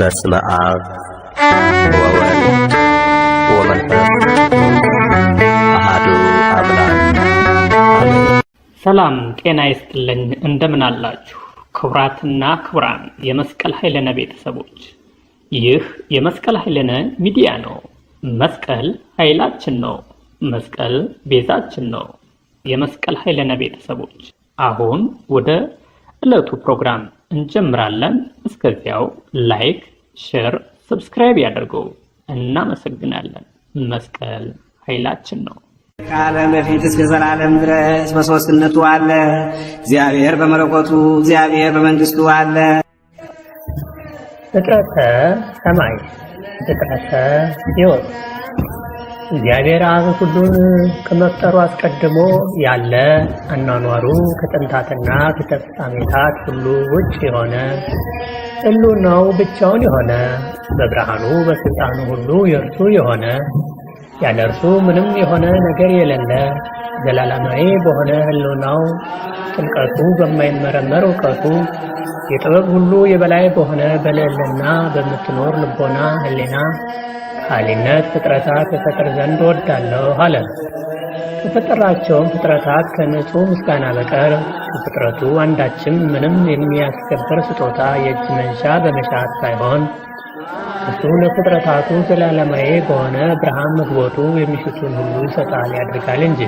በስመ አብ ወወልድ ወመንፈስ አምላክ። ሰላም ጤና ይስጥልኝ። እንደምን አላችሁ? ክቡራትና ክቡራን የመስቀል ኃይለነ ቤተሰቦች፣ ይህ የመስቀል ኃይለነ ሚዲያ ነው። መስቀል ኃይላችን ነው። መስቀል ቤዛችን ነው። የመስቀል ኃይለነ ቤተሰቦች አሁን ወደ ዕለቱ ፕሮግራም እንጀምራለን። እስከዚያው ላይክ፣ ሼር፣ ሰብስክራይብ ያደርጉ። እናመሰግናለን። መስቀል ኃይላችን ነው። ከዓለም በፊት እስከ ዘላለም ድረስ በሶስትነቱ አለ። እግዚአብሔር በመለኮቱ እግዚአብሔር በመንግስቱ አለ። ፍጥረተ ሰማይ ፍጥረተ ሕይወት እግዚአብሔር አብ ሁሉን ከመፍጠሩ አስቀድሞ ያለ አኗኗሩ ከጥንታትና ከፍጻሜታት ሁሉ ውጭ የሆነ ሕልውናው ብቻውን የሆነ በብርሃኑ በስልጣኑ ሁሉ የእርሱ የሆነ ያለ እርሱ ምንም የሆነ ነገር የሌለ ዘላለማዊ በሆነ ሕልውናው ጥልቀቱ በማይመረመር እውቀቱ የጥበብ ሁሉ የበላይ በሆነ በልዕልና በምትኖር ልቦና ሕሊና ኃይልነት ፍጥረታት እፈጥር ዘንድ ወዳለው አለ። የፈጠራቸውም ፍጥረታት ከንጹህ ምስጋና በቀር ፍጥረቱ አንዳችም ምንም የሚያስከብር ስጦታ የእጅ መንሻ በመሻት ሳይሆን እሱ ለፍጥረታቱ ዘላለማዊ በሆነ ብርሃን መግቦቱ የሚሹትን ሁሉ ይሰጣል ያደርጋል እንጂ።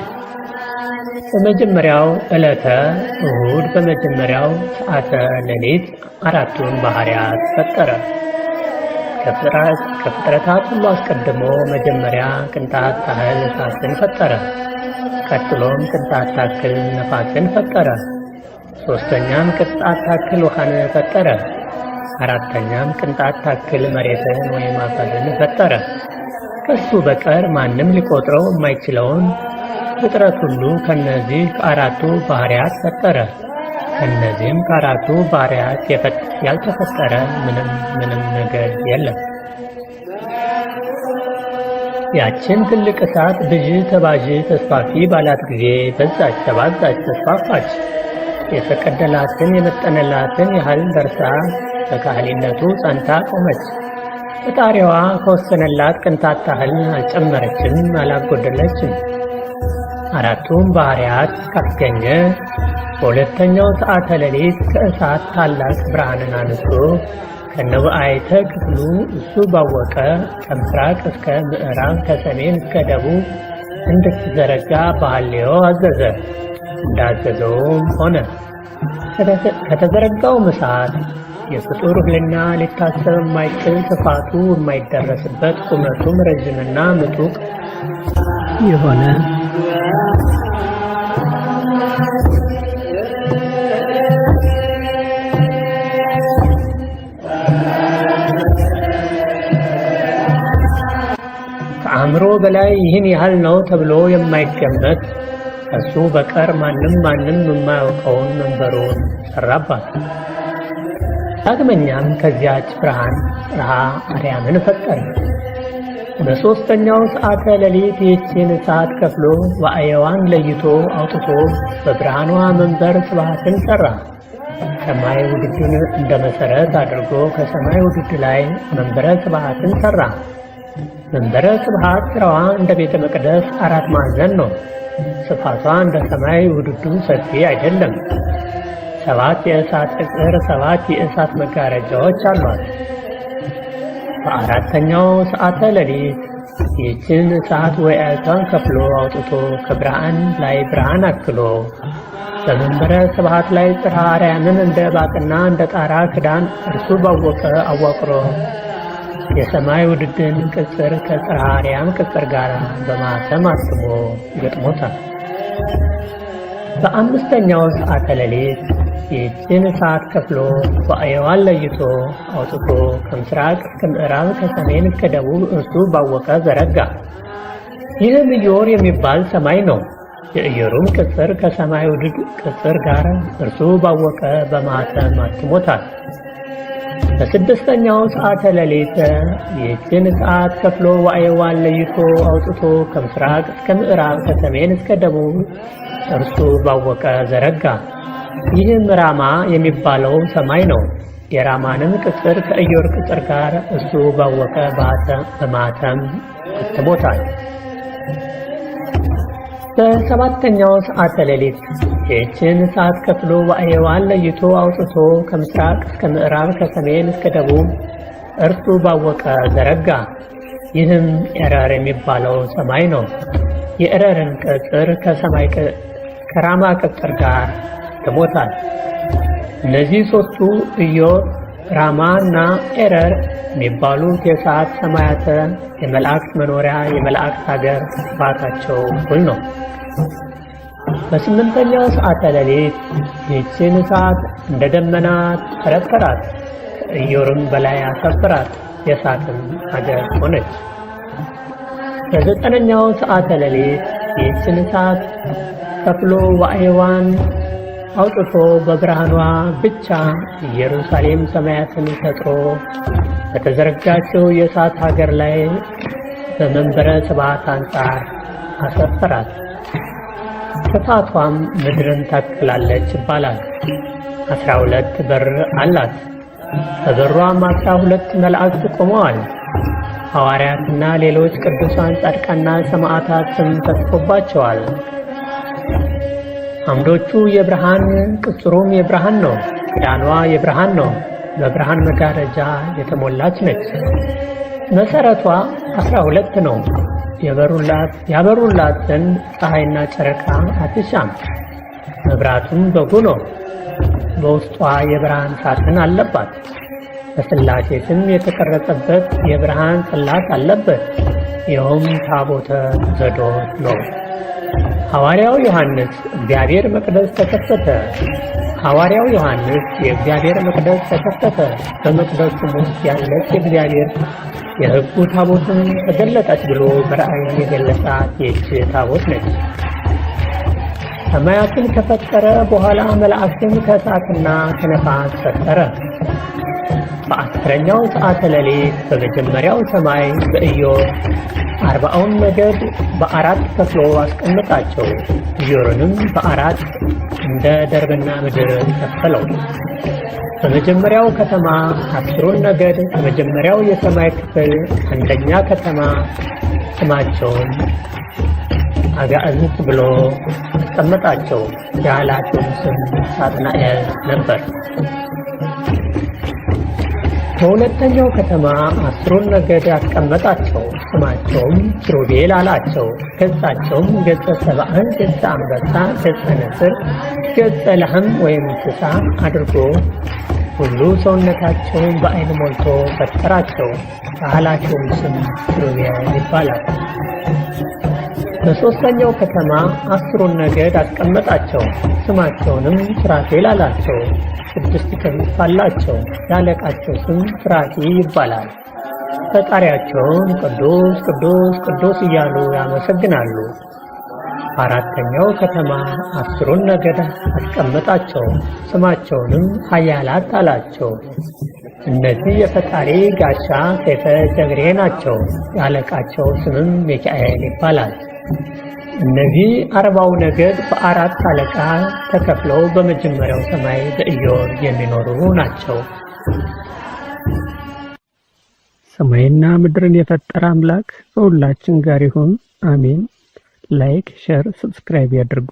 በመጀመሪያው ዕለተ እሁድ በመጀመሪያው ሰዓተ ሌሊት አራቱን ባህሪያት ፈጠረ። ከፍጥረታት ሁሉ አስቀድሞ መጀመሪያ ቅንጣት ታህል እሳትን ፈጠረ። ቀጥሎም ቅንጣት ታክል ነፋስን ፈጠረ። ሦስተኛም ቅንጣት ታክል ውሃን ፈጠረ። አራተኛም ቅንጣት ታክል መሬትን ወይም አፈርን ፈጠረ። ከሱ በቀር ማንም ሊቆጥረው የማይችለውን ፍጥረት ሁሉ ከነዚህ አራቱ ባህሪያት ፈጠረ። ከእነዚህም ከአራቱ ባሕርያት ያልተፈጠረ ምንም ምንም ነገር የለም። ያችን ትልቅ እሳት ብዥ ተባዥ ተስፋፊ ባላት ጊዜ በዛች ተባዛች ተስፋፋች። የፈቀደላትን የመጠነላትን ያህል ደርሳ በካህሊነቱ ጸንታ ቆመች። ፈጣሪዋ ከወሰነላት ቅንጣት ታህል አልጨመረችም፣ አላጎደለችም። አራቱም ባሕርያት ካስገኘ በሁለተኛው ሰዓተ ሌሊት ከእሳት ታላቅ ብርሃንን አንሶ ከነውአይተ ክፍሉ እሱ ባወቀ ከምስራቅ እስከ ምዕራብ ከሰሜን እስከ ደቡብ እንድትዘረጋ ባህሌዮ አዘዘ። እንዳዘዘውም ሆነ። ከተዘረጋው እሳት የፍጡር ህልና ሊታሰብ የማይችል ስፋቱ የማይደረስበት ቁመቱም ረዥምና ምጡቅ የሆነ ከአእምሮ በላይ ይህን ያህል ነው ተብሎ የማይገመት ከሱ በቀር ማንም ማንም የማያውቀውን መንበሩን ሰራባት። ዳግመኛም ከዚያች ብርሃን ጥርሃ አርያምን ፈጠረ። በሦስተኛው ሰዓተ ሌሊት ይህችን ሰዓት ከፍሎ ዋዕየዋን ለይቶ አውጥቶ በብርሃኗ መንበር ስብሃትን ሠራ። ሰማይ ውድድን እንደ መሠረት አድርጎ ከሰማይ ውድድ ላይ መንበረ ስብሃትን ሠራ። መንበረ ስብሃት ሥራዋ እንደ ቤተ መቅደስ አራት ማዕዘን ነው። ስፋቷ እንደ ሰማይ ውድዱ ሰፊ አይደለም። ሰባት የእሳት ቅጽር ሰባት የእሳት መጋረጃዎች አሏት። በአራተኛው ሰዓተ ሌሊት ይህችን እሳት ወይዕታን ከፍሎ አውጥቶ ከብርሃን ላይ ብርሃን አክሎ በመንበረ ስብሐት ላይ ጽርሐ አርያምን እንደ እባቅና እንደ ጣራ ክዳን እርሱ ባወቀ አዋቅሮ የሰማይ ውድድን ቅጽር ከጽርሐ አርያም ቅጽር ጋር በማተም አስቦ ገጥሞታል። በአምስተኛው ሰዓተ ሌሊት የእጅን እሳት ከፍሎ ባዕዋን ለይቶ አውጥቶ ከምስራቅ እስከ ምዕራብ ከሰሜን እስከ ደቡብ እርሱ ባወቀ ዘረጋ። ይህም ኢዮር የሚባል ሰማይ ነው። የኢዮሩም ቅጽር ከሰማዩ ውድድ ቅጽር ጋር እርሱ ባወቀ በማተም አትሞታል። በስድስተኛው ሰዓተ ሌሊት የእጅን ሰዓት ከፍሎ ዋዕዋን ለይቶ አውጥቶ ከምስራቅ እስከ ምዕራብ ከሰሜን እስከ ደቡብ እርሱ ባወቀ ዘረጋ። ይህም ራማ የሚባለው ሰማይ ነው። የራማንም ቅጥር ከእዮር ቅጥር ጋር እሱ ባወቀ በማተም አትሞታል። በሰባተኛው ሰዓተ ሌሊት ይህችን ሰዓት ከፍሎ ዋዕየዋን ለይቶ አውጥቶ ከምስራቅ እስከ ምዕራብ ከሰሜን እስከ ደቡብ እርሱ ባወቀ ዘረጋ። ይህም ኤረር የሚባለው ሰማይ ነው። የኤረርን ቅጥር ከሰማይ ከራማ ቅጥር ጋር አትሞታል። እነዚህ ሦስቱ ኢዮር፣ ራማ እና ኤረር የሚባሉት የሰዓት ሰማያተ የመላእክት መኖሪያ የመላእክት ሀገር ባታቸው እኩል ነው። በስምንተኛው ሰዓተ ሌሊት ይህችን ሰዓት እንደ ደመና ተረከራት፣ ከኢዮርም በላይ አሰፍራት፣ የእሳትም ሀገር ሆነች። በዘጠነኛው ሰዓተ ሌሊት ይህችን እሳት ከፍሎ ዋዕዋን አውጥቶ በብርሃኗ ብቻ ኢየሩሳሌም ሰማያትን ፈጥሮ በተዘረጋቸው የእሳት ሀገር ላይ በመንበረ ስብዓት አንጻር አሰፈራት። ስፋቷም ምድርን ታክላለች ይባላል። አስራ ሁለት በር አላት። በበሯም አስራ ሁለት መላእክት ቆመዋል። ሐዋርያትና ሌሎች ቅዱሳን ጻድቃንና ሰማዕታትም ተጽፎባቸዋል። አምዶቹ የብርሃን ቅጽሩም የብርሃን ነው። ክዳኗ የብርሃን ነው። በብርሃን መጋረጃ የተሞላች ነች። መሠረቷ አስራ ሁለት ነው። የበሩላት ያበሩላት ዘንድ ፀሐይና ጨረቃ አትሻም። መብራቱም በጉ ነው። በውስጧ የብርሃን ሳጥን አለባት። በሥላሴ ስም የተቀረጸበት የብርሃን ጽላት አለበት። ይኸውም ታቦተ ዘዶ ነው። ሐዋርያው ዮሐንስ እግዚአብሔር መቅደስ ተከፈተ። ሐዋርያው ዮሐንስ የእግዚአብሔር መቅደስ ተከፈተ፣ በመቅደሱ ውስጥ ያለች እግዚአብሔር የሕጉ ታቦትን ተገለጠች ብሎ በራእይ የገለጻት የእጅ ታቦት ነች። ሰማያትን ከፈጠረ በኋላ መልአክን ከእሳትና ከነፋስ ፈጠረ። በአስረኛው ሰዓተ ሌሊት በመጀመሪያው ሰማይ በኢዮብ አርባውን ነገድ በአራት ከፍሎ አስቀመጣቸው። ኢዮርንም በአራት እንደ ደርብና ምድር ከፈለው። በመጀመሪያው ከተማ አስሩን ነገድ ከመጀመሪያው የሰማይ ክፍል አንደኛ ከተማ ስማቸውን አጋዕዝት ብሎ አስቀመጣቸው። የኃላፊውም ስም ሳጥናኤል ነበር። በሁለተኛው ከተማ አስሩን ነገድ ያስቀመጣቸው ስማቸውም ኪሩቤል አላቸው። ገጻቸውም ገጸ ሰብአን፣ ገጸ አንበሳ፣ ገጸ ነስር፣ ገጸ ላህም ወይም እንስሳ አድርጎ ሁሉ ሰውነታቸውን በአይን ሞልቶ ፈጠራቸው። ባህላቸውም ስም ኪሩቤል ይባላል። በሦስተኛው ከተማ አስሩን ነገድ አስቀመጣቸው። ስማቸውንም ሱራፌል አላቸው። ቅድስት ክንፍ አላቸው። ያለቃቸው ስም ፍራቂ ይባላል። ፈጣሪያቸውን ቅዱስ ቅዱስ ቅዱስ እያሉ ያመሰግናሉ። አራተኛው ከተማ አስሩን ነገድ አስቀመጣቸው፣ ስማቸውንም አያላት አላቸው። እነዚህ የፈጣሪ ጋሻ ሰይፈ ጀግሬ ናቸው። ያለቃቸው ስምም ሚካኤል ይባላል። እነዚህ አርባው ነገድ በአራት አለቃ ተከፍለው በመጀመሪያው ሰማይ በኢዮር የሚኖሩ ናቸው። ሰማይና ምድርን የፈጠረ አምላክ ከሁላችን ጋር ይሁን። አሜን። ላይክ፣ ሼር፣ ሰብስክራይብ ያድርጉ።